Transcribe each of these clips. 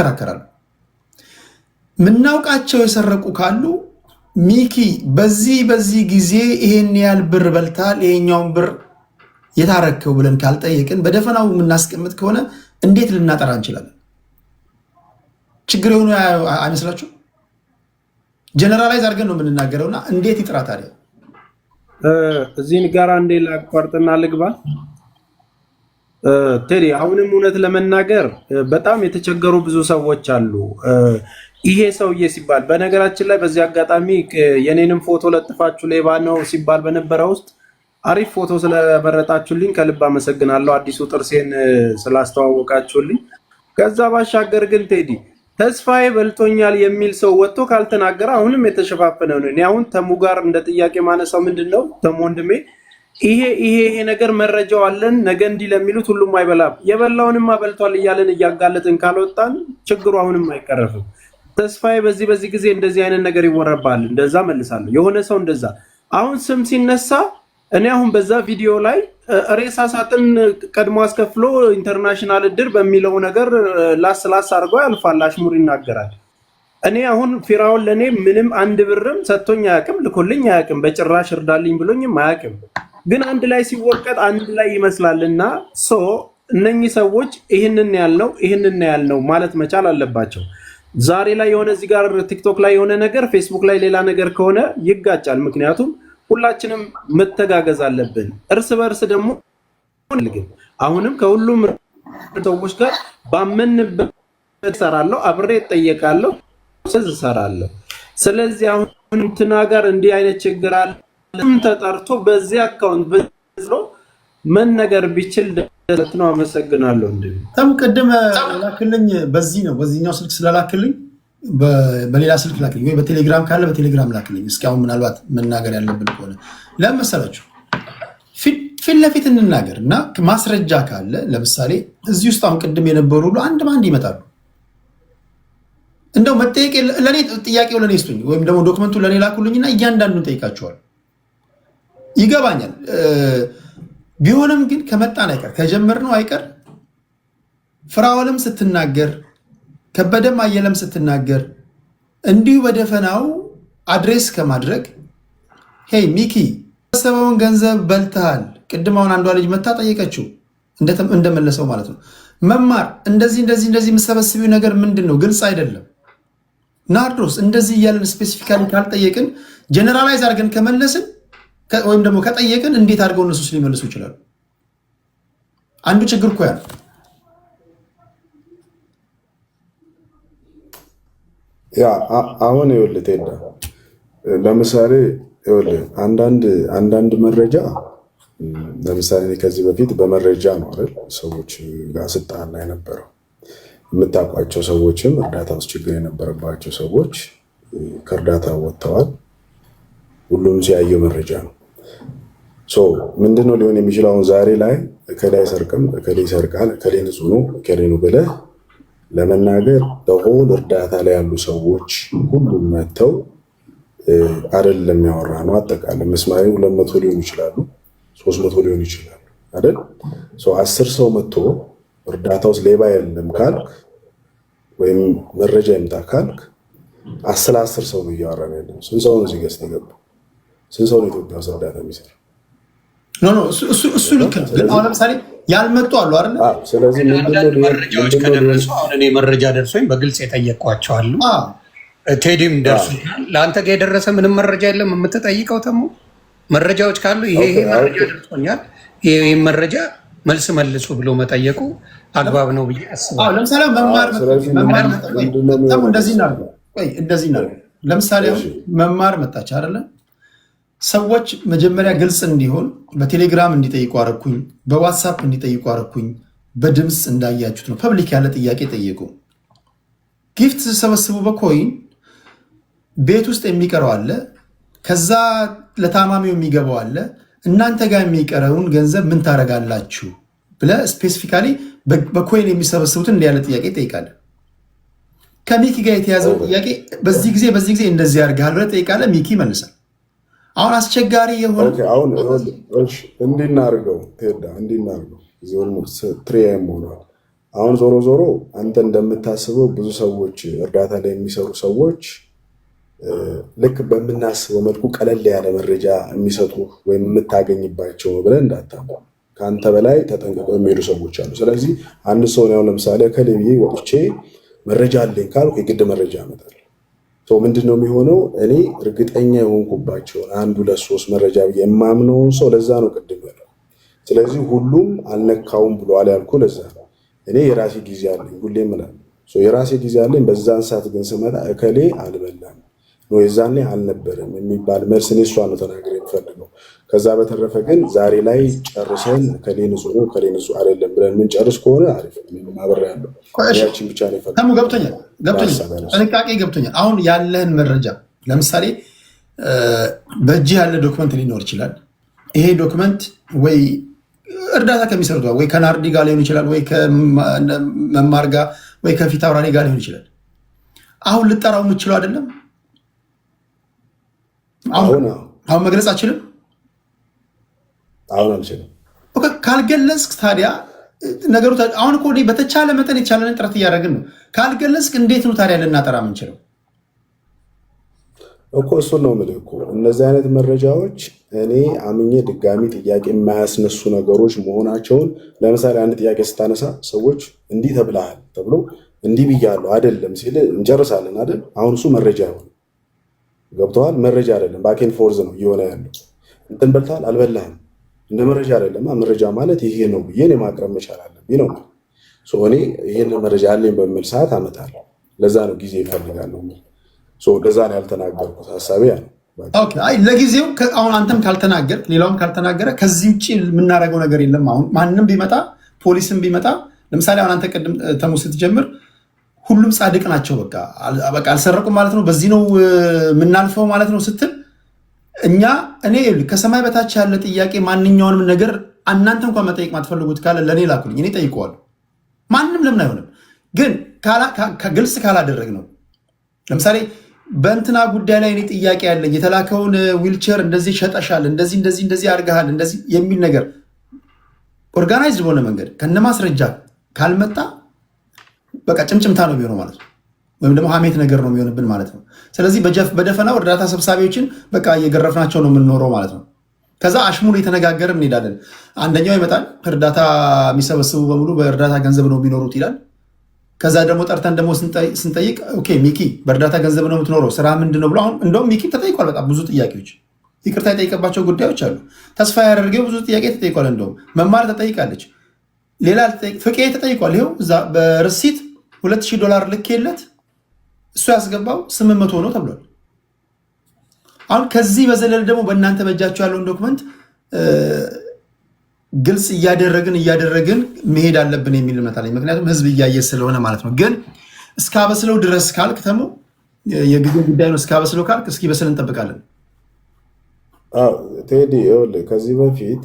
ይከራከራሉ። ምናውቃቸው የሰረቁ ካሉ ሚኪ በዚህ በዚህ ጊዜ ይሄን ያህል ብር በልታል፣ ይሄኛውን ብር የታረከው ብለን ካልጠየቅን በደፈናው የምናስቀምጥ ከሆነ እንዴት ልናጠራ እንችላለን? ችግር የሆኑ አይመስላችሁ? ጀነራላይዝ አድርገን ነው የምንናገረውና እንዴት ይጥራ ታዲያ? እዚህን ጋር እንዴ ላቋርጥና ልግባ። ቴዲ አሁንም እውነት ለመናገር በጣም የተቸገሩ ብዙ ሰዎች አሉ። ይሄ ሰውዬ ሲባል በነገራችን ላይ በዚህ አጋጣሚ የኔንም ፎቶ ለጥፋችሁ ሌባ ነው ሲባል በነበረ ውስጥ አሪፍ ፎቶ ስለመረጣችሁልኝ ከልብ አመሰግናለሁ። አዲሱ ጥርሴን ስላስተዋወቃችሁልኝ። ከዛ ባሻገር ግን ቴዲ ተስፋዬ በልቶኛል የሚል ሰው ወጥቶ ካልተናገረ አሁንም የተሸፋፈነ ነው። እኔ አሁን ተሙ ጋር እንደ ጥያቄ ማነሳው ምንድን ነው ተሙ ወንድሜ ይሄ ይሄ ይሄ ነገር መረጃው አለን ነገ እንዲህ ለሚሉት ሁሉም አይበላም የበላውንም አበልቷል እያለን እያጋለጥን ካልወጣን ችግሩ አሁንም አይቀረፍም። ተስፋዬ በዚህ በዚህ ጊዜ እንደዚህ አይነት ነገር ይወረባል፣ እንደዛ መልሳለሁ። የሆነ ሰው እንደዛ አሁን ስም ሲነሳ እኔ አሁን በዛ ቪዲዮ ላይ ሬሳ ሳጥን ቀድሞ አስከፍሎ ኢንተርናሽናል እድር በሚለው ነገር ላስ ላስ አርጎ ያልፋል፣ አሽሙር ይናገራል። እኔ አሁን ፊራውን ለእኔ ምንም አንድ ብርም ሰጥቶኝ አያውቅም፣ ልኮልኝ አያውቅም፣ በጭራሽ እርዳልኝ ብሎኝም አያውቅም። ግን አንድ ላይ ሲወቀጥ አንድ ላይ ይመስላልና ሶ እነኚህ ሰዎች ይህንን ያልነው ይህንን ያልነው ማለት መቻል አለባቸው። ዛሬ ላይ የሆነ እዚህ ጋር ቲክቶክ ላይ የሆነ ነገር፣ ፌስቡክ ላይ ሌላ ነገር ከሆነ ይጋጫል። ምክንያቱም ሁላችንም መተጋገዝ አለብን። እርስ በእርስ ደግሞ አሁንም ከሁሉም ሰዎች ጋር ባመንበት እሰራለሁ፣ አብሬ እጠየቃለሁ፣ ስዝ እሰራለሁ። ስለዚህ አሁን እንትና ጋር እንዲህ አይነት ችግር አለ ተጠርቶ በዚህ አካውንት ብሎ መነገር ቢችል ደለት ነው። አመሰግናለሁ። እንዴ ተም ቅድም ላክልኝ፣ በዚህ ነው በዚህኛው ስልክ ስለላክልኝ በሌላ ስልክ ላክልኝ፣ ወይ በቴሌግራም ካለ በቴሌግራም ላክልኝ። እስኪ አሁን ምናልባት መናገር ያለብን ከሆነ ለምን መሰላችሁ ፊት ለፊት እንናገር እና ማስረጃ ካለ ለምሳሌ እዚህ ውስጥ አሁን ቅድም የነበሩ ሁሉ አንድ በአንድ ይመጣሉ። እንደው መጠየቅ ለእኔ ጥያቄው ለእኔ ስጡኝ፣ ወይም ደግሞ ዶክመንቱ ለእኔ ላኩልኝና እያንዳንዱን ጠይቃቸዋል። ይገባኛል። ቢሆንም ግን ከመጣን አይቀር ከጀመርነው አይቀር ፍራኦልም ስትናገር ከበደም አየለም ስትናገር እንዲሁ በደፈናው አድሬስ ከማድረግ ሄይ ሚኪ ሰበውን ገንዘብ በልተሃል። ቅድማውን አንዷ ልጅ መታ ጠየቀችው እንደመለሰው ማለት ነው መማር እንደዚህ እንደዚህ እንደዚህ የምሰበስቢው ነገር ምንድን ነው? ግልጽ አይደለም። ናርዶስ እንደዚህ እያለን ስፔሲፊካሊ ካልጠየቅን ጀነራላይዝ አድርገን ከመለስን ወይም ደግሞ ከጠየቅን እንዴት አድርገው እነሱስ ሊመልሱ ይችላሉ? አንዱ ችግር እኮ ያል ያ አሁን ይኸውልህ ቴዳ ለምሳሌ ይኸውልህ አንዳንድ አንዳንድ መረጃ ለምሳሌ ከዚህ በፊት በመረጃ ነው አይደል ሰዎች ጋር ስጣና የነበረው የምታውቋቸው ሰዎችም እርዳታ ውስጥ ችግር የነበረባቸው ሰዎች ከእርዳታ ወጥተዋል። ሁሉም ሲያየው መረጃ ነው። ሶ ነው ሊሆን የሚችለው? አሁን ዛሬ ላይ እከሌ አይሰርቅም፣ እከሌ ይሰርቃል፣ እከሌ ንጹህ ነው፣ እከሌ ነው ብለህ ለመናገር በሆል እርዳታ ላይ ያሉ ሰዎች ሁሉም መጥተው አደል ለሚያወራ ነው። አጠቃላይ መስማሪ ሁለት መቶ ሊሆኑ ይችላሉ፣ ሶስት መቶ ሊሆኑ ይችላሉ አደል አስር ሰው መጥቶ እርዳታ ውስጥ ሌባ የለም ካልክ ወይም መረጃ ይምጣ ካልክ አስር አስር ሰው ነው እያወራ ያለው። ስንት ሰው ነው እዚህ ገዝተህ የገባው? ስንት ሰው ነው ኢትዮጵያ ውስጥ እርዳታ የሚሰራ እሱ ልክ ነው። ግን አሁን ለምሳሌ ያልመጡ አሉ አይደለ? ስለዚህ አንዳንድ መረጃዎች ከደረሱ አሁን እኔ መረጃ ደርሶኝ በግልጽ የጠየቅኳቸው አሉ። ቴዲም ደርሶኛል። ለአንተ ጋር የደረሰ ምንም መረጃ የለም የምትጠይቀው ተሙ መረጃዎች ካሉ ይሄ ይሄ መረጃ ደርሶኛል፣ ይሄ መረጃ መልስ መልሱ ብሎ መጠየቁ አግባብ ነው ብዬ አስባለሁ። ለምሳሌ መማር እንደዚህ እናድርገው፣ ለምሳሌ መማር መጣች አይደለም ሰዎች መጀመሪያ ግልጽ እንዲሆን በቴሌግራም እንዲጠይቁ አረኩኝ፣ በዋትሳፕ እንዲጠይቁ አረኩኝ። በድምፅ እንዳያችሁት ነው። ፐብሊክ ያለ ጥያቄ ጠየቁ። ጊፍት ስሰበስቡ በኮይን ቤት ውስጥ የሚቀረው አለ፣ ከዛ ለታማሚው የሚገባው አለ። እናንተ ጋር የሚቀረውን ገንዘብ ምን ታደርጋላችሁ ብለ ስፔሲፊካሊ በኮይን የሚሰበስቡትን እንዲህ ያለ ጥያቄ ጠይቃለ። ከሚኪ ጋር የተያዘው ጥያቄ በዚህ ጊዜ በዚህ ጊዜ እንደዚህ ያደርጋል ብለ ጠይቃለ ሚኪ ይመልሳል። አሁን አስቸጋሪ የሆነ አሁን ቴዳ እንዲናርገው ሆኗል። አሁን ዞሮ ዞሮ አንተ እንደምታስበው ብዙ ሰዎች እርዳታ ላይ የሚሰሩ ሰዎች ልክ በምናስበው መልኩ ቀለል ያለ መረጃ የሚሰጡ ወይም የምታገኝባቸው ብለን እንዳታውቁ ከአንተ በላይ ተጠንቅቀው የሚሄዱ ሰዎች አሉ። ስለዚህ አንድ ሰውን ያው ለምሳሌ ከሌብዬ ወጥቼ መረጃ አለኝ ካልኩ የግድ መረጃ ያመጣል። ምንድን ነው የሚሆነው? እኔ እርግጠኛ የሆንኩባቸውን አንዱ ለሶስት መረጃ ብዬ የማምነውን ሰው ለዛ ነው ቅድም ያለው። ስለዚህ ሁሉም አልነካውም ብሏል ያልኩ ለዛ ነው። እኔ የራሴ ጊዜ አለኝ ሁሌም እላለሁ። የራሴ ጊዜ አለኝ። በዛን ሰዓት ግን ስመጣ እከሌ አልበላም ነው የዛኔ አልነበረም የሚባል መልስ እኔ እሷ ነው ተናግሬ የምፈልገው። ከዛ በተረፈ ግን ዛሬ ላይ ጨርሰን ከሌ ንጹህ ነው ከሌ ንጹህ አይደለም ብለን የምንጨርስ ከሆነ አሪፍ ማበር ያለው ብቻ ነው። ገብቶኛል ጥንቃቄ ገብቶኛል። አሁን ያለህን መረጃ ለምሳሌ በእጅ ያለ ዶክመንት ሊኖር ይችላል። ይሄ ዶክመንት ወይ እርዳታ ከሚሰሩት ወይ ከናርዲ ጋር ሊሆን ይችላል፣ ወይ ከመማር ጋር ወይ ከፊት አውራሪ ጋር ሊሆን ይችላል። አሁን ልጠራው የምችለው አይደለም። አሁን አሁን መግለጽ አችልም አሁን አልችልም። ካልገለጽክ ታዲያ ነገሩ አሁን እኮ በተቻለ መጠን የቻለን ጥረት እያደረግን ነው። ካልገለጽክ እንዴት ነው ታዲያ ልናጠራ ምንችለው? እኮ እሱን ነው የምልህ እኮ እነዚህ አይነት መረጃዎች እኔ አምኜ ድጋሚ ጥያቄ የማያስነሱ ነገሮች መሆናቸውን ለምሳሌ አንድ ጥያቄ ስታነሳ ሰዎች እንዲህ ተብለሃል ተብሎ እንዲህ ብያለሁ አይደለም ሲል እንጨርሳለን አይደል? አሁን እሱ መረጃ ይሆን ገብተዋል። መረጃ አይደለም፣ ባኬን ፎርዝ ነው እየሆነ ያለው። እንትን በልተሃል አልበላህም እንደ መረጃ አይደለማ። መረጃ ማለት ይሄ ነው ብዬ ማቅረብ መቻል አለብኝ ነው። እኔ ይህን መረጃ አለኝ በሚል ሰዓት አመጣለሁ። ለዛ ነው ጊዜ ይፈልጋል። ለዛ ነው ያልተናገርኩት። ሀሳቢ ያ ነው። ለጊዜው አሁን አንተም ካልተናገር ሌላውም ካልተናገረ ከዚህ ውጭ የምናደርገው ነገር የለም። አሁን ማንም ቢመጣ ፖሊስም ቢመጣ ለምሳሌ አሁን አንተ ቅድም ተሙ ስትጀምር ሁሉም ጻድቅ ናቸው በቃ አልሰረቁም ማለት ነው፣ በዚህ ነው የምናልፈው ማለት ነው ስትል እኛ እኔ ከሰማይ በታች ያለ ጥያቄ ማንኛውንም ነገር እናንተ እንኳን መጠየቅ ማትፈልጉት ካለ ለእኔ ላኩልኝ፣ እኔ ጠይቀዋለሁ። ማንም ለምን አይሆንም? ግን ግልጽ ካላደረግ ነው። ለምሳሌ በእንትና ጉዳይ ላይ እኔ ጥያቄ ያለኝ የተላከውን ዊልቸር እንደዚህ ሸጠሻል፣ እንደዚህ እንደዚህ እንደዚህ አድርገሃል፣ እንደዚህ የሚል ነገር ኦርጋናይዝድ በሆነ መንገድ ከነማስረጃ ካልመጣ በቃ ጭምጭምታ ነው የሚሆነው ማለት ነው። ወይም ደግሞ ሀሜት ነገር ነው የሚሆንብን ማለት ነው። ስለዚህ በደፈናው እርዳታ ሰብሳቢዎችን በቃ እየገረፍናቸው ነው የምንኖረው ማለት ነው። ከዛ አሽሙር እየተነጋገርን እንሄዳለን። አንደኛው ይመጣል፣ እርዳታ የሚሰበስቡ በሙሉ በእርዳታ ገንዘብ ነው የሚኖሩት ይላል። ከዛ ደግሞ ጠርተን ደግሞ ስንጠይቅ ኦኬ ሚኪ በእርዳታ ገንዘብ ነው የምትኖረው ስራ ምንድን ነው ብሎ አሁን እንደውም ሚኪ ተጠይቋል። በጣም ብዙ ጥያቄዎች ይቅርታ የጠይቀባቸው ጉዳዮች አሉ። ተስፋ ያደርገው ብዙ ጥያቄ ተጠይቋል። እንደውም መማር ተጠይቃለች። ሌላ ፍቄ ተጠይቋል። ይኸው በርሲት ሁለት ሺህ ዶላር ልክ የለት እሱ ያስገባው ስምንት መቶ ነው ተብሏል። አሁን ከዚህ በዘለል ደግሞ በእናንተ በጃቸው ያለውን ዶክመንት ግልጽ እያደረግን እያደረግን መሄድ አለብን የሚል እምነት አለኝ። ምክንያቱም ህዝብ እያየ ስለሆነ ማለት ነው። ግን እስካበስለው ድረስ ካልክ ተሞ የጊዜ ጉዳይ ነው። እስካበስለው ካልክ በስል እንጠብቃለን። ቴዲ ከዚህ በፊት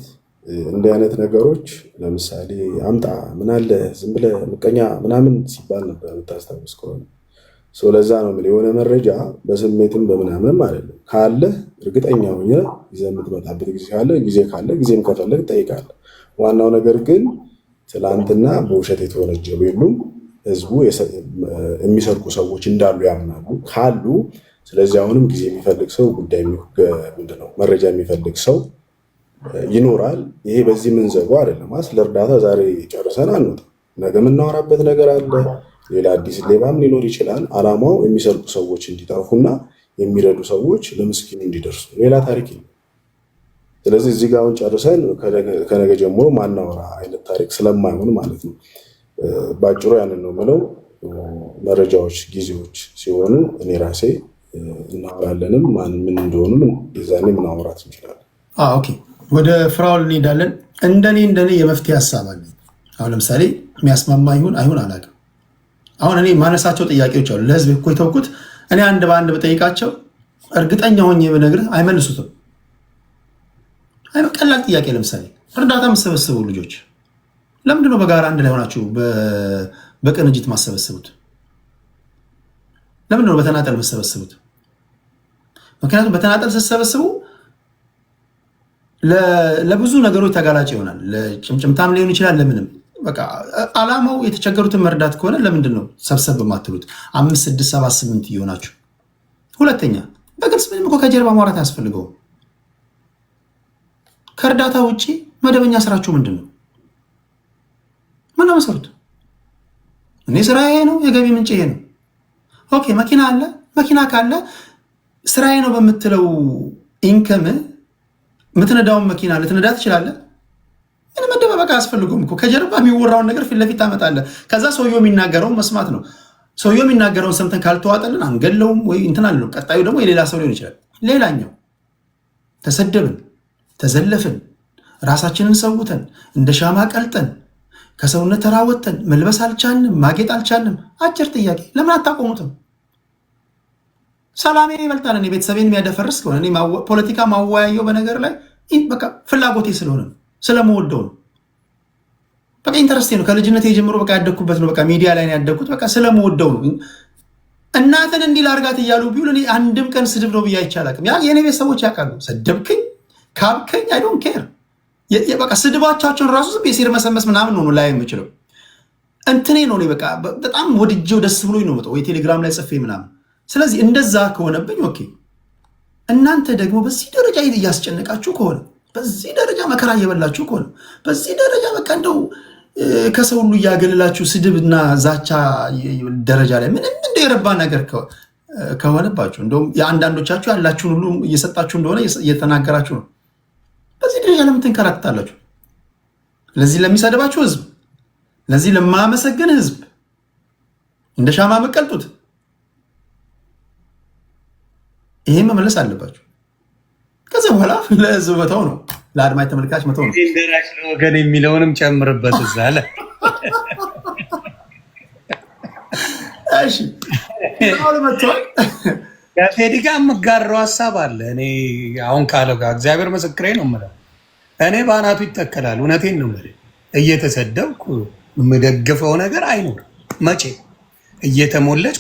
እንዲህ አይነት ነገሮች ለምሳሌ አምጣ ምናለ ዝም ብለህ ምቀኛ ምናምን ሲባል ነበር የምታስታውስ ከሆነ ለዛ ነው የምልህ የሆነ መረጃ በስሜትም በምናምንም አይደለም ካለ እርግጠኛ ሆኜ ይዘህ የምትመጣበት ጊዜ ካለ ጊዜ ካለ ጊዜም ከፈለግ ትጠይቃለህ። ዋናው ነገር ግን ትላንትና በውሸት የተወነጀሉ የሉም ህዝቡ የሚሰርቁ ሰዎች እንዳሉ ያምናሉ ካሉ ስለዚህ አሁንም ጊዜ የሚፈልግ ሰው ጉዳይ ምንድን ነው መረጃ የሚፈልግ ሰው ይኖራል። ይሄ በዚህ የምንዘጋው አይደለም። ስለ እርዳታ ዛሬ ጨርሰን አንወጣም። ነገ የምናወራበት ነገር አለ። ሌላ አዲስ ሌባም ሊኖር ይችላል። አላማው የሚሰርቁ ሰዎች እንዲጠፉና የሚረዱ ሰዎች ለምስኪኑ እንዲደርሱ ሌላ ታሪክ ነው። ስለዚህ እዚህ ጋር አሁን ጨርሰን ከነገ ጀምሮ ማናወራ አይነት ታሪክ ስለማይሆን ማለት ነው። በአጭሩ ያንን ነው የምለው። መረጃዎች ጊዜዎች ሲሆኑ እኔ ራሴ እናወራለንም ምን እንደሆኑም የዛኔ ምናወራት እንችላለን። ኦኬ ወደ ፍራውል እንሄዳለን። እንደኔ እንደኔ የመፍትሄ ሀሳብ አለ። አሁን ለምሳሌ የሚያስማማ ይሁን አይሁን አላውቅም አሁን እኔ ማነሳቸው ጥያቄዎች አሉ ለህዝብ እኮ የተውኩት። እኔ አንድ በአንድ በጠይቃቸው እርግጠኛ ሆኜ ብነግርህ አይመልሱትም። ቀላል ጥያቄ፣ ለምሳሌ እርዳታ የምሰበስቡ ልጆች ለምንድነው በጋራ አንድ ላይ ሆናችሁ በቅንጅት ማሰበስቡት? ነው በተናጠል መሰበስቡት? ምክንያቱም በተናጠል ስትሰበስቡ ለብዙ ነገሮች ተጋላጭ ይሆናል። ለጭምጭምታም ሊሆን ይችላል። ለምንም በቃ አላማው የተቸገሩትን መርዳት ከሆነ ለምንድን ነው ሰብሰብ በማትሉት? አምስት ስድስት ሰባት ስምንት እየሆናችሁ። ሁለተኛ በግልጽ ምንም እኮ ከጀርባ ማውራት አያስፈልገውም። ከእርዳታ ውጭ መደበኛ ስራችሁ ምንድን ነው? ምን መሰሩት? እኔ ስራ ይሄ ነው፣ የገቢ ምንጭ ይሄ ነው። ኦኬ መኪና አለ። መኪና ካለ ስራዬ ነው በምትለው ኢንከም የምትነዳውን መኪና ልትነዳ ትችላለህ። ምን መደባበቅ አያስፈልገውም እኮ ከጀርባ የሚወራውን ነገር ፊት ለፊት ታመጣለህ። ከዛ ሰውየው የሚናገረውን መስማት ነው። ሰውየው የሚናገረውን ሰምተን ካልተዋጠልን አንገለውም ወይ እንትን አለው። ቀጣዩ ደግሞ የሌላ ሰው ሊሆን ይችላል። ሌላኛው ተሰደብን፣ ተዘለፍን፣ ራሳችንን ሰውተን እንደ ሻማ ቀልጠን ከሰውነት ተራወተን መልበስ አልቻልንም፣ ማጌጥ አልቻልንም። አጭር ጥያቄ ለምን አታቆሙትም? ሰላሜ ይበልጣል። እኔ ቤተሰቤን የሚያደፈርስ ከሆነ ፖለቲካ ማወያየው በነገር ላይ በቃ ፍላጎቴ ስለሆነ ስለመወደው ነው። በቃ ኢንተረስቴ ነው። ከልጅነት የጀምሮ በቃ ያደግኩበት ነው። በቃ ሚዲያ ላይ ያደግኩት። በቃ ስለመወደው ነው። እናትን እንዲህ ላርጋት እያሉ ቢውል እኔ አንድም ቀን ስድብ ነው ብዬ አይቼ አላውቅም። ያ የእኔ ቤተሰቦች ያውቃሉ። ሰደብክኝ ካብከኝ አይዶን ኬር በቃ ስድባቻቸውን ራሱ ዝም የሲር መሰመስ ምናምን ነው ላይ የምችለው እንትኔ ነው። በቃ በጣም ወድጄው ደስ ብሎኝ ነው ወይ ቴሌግራም ላይ ጽፌ ምናምን። ስለዚህ እንደዛ ከሆነብኝ ኦኬ። እናንተ ደግሞ በዚህ ደረጃ እያስጨነቃችሁ ከሆነ በዚህ ደረጃ መከራ እየበላችሁ እኮ ነው። በዚህ ደረጃ በቃ እንደው ከሰው ሁሉ እያገለላችሁ ስድብ እና ዛቻ ደረጃ ላይ ምንም እንደ የረባ ነገር ከሆነባችሁ እንደውም የአንዳንዶቻችሁ ያላችሁን ሁሉ እየሰጣችሁ እንደሆነ እየተናገራችሁ ነው። በዚህ ደረጃ ለምን ለዚህ ለሚሰድባችሁ ህዝብ፣ ለዚህ ለማመሰግን ህዝብ እንደ ሻማ መቀልጡት ይህም መመለስ አለባችሁ። ከዚ በኋላ ለህዝብ መተው ነው፣ ለአድማጭ ተመልካች መተው ነው። ደራሽ ለወገን የሚለውንም ጨምርበት እዛ አለ። እሺ መጥተዋል። ከቴዲ ጋር የምጋራው ሀሳብ አለ። እኔ አሁን ካለው ጋር እግዚአብሔር ምስክሬ ነው የምለው እኔ በአናቱ ይተከላል። እውነቴን ነው የምልህ። እየተሰደብኩ የምደግፈው ነገር አይኖርም መቼ እየተሞለች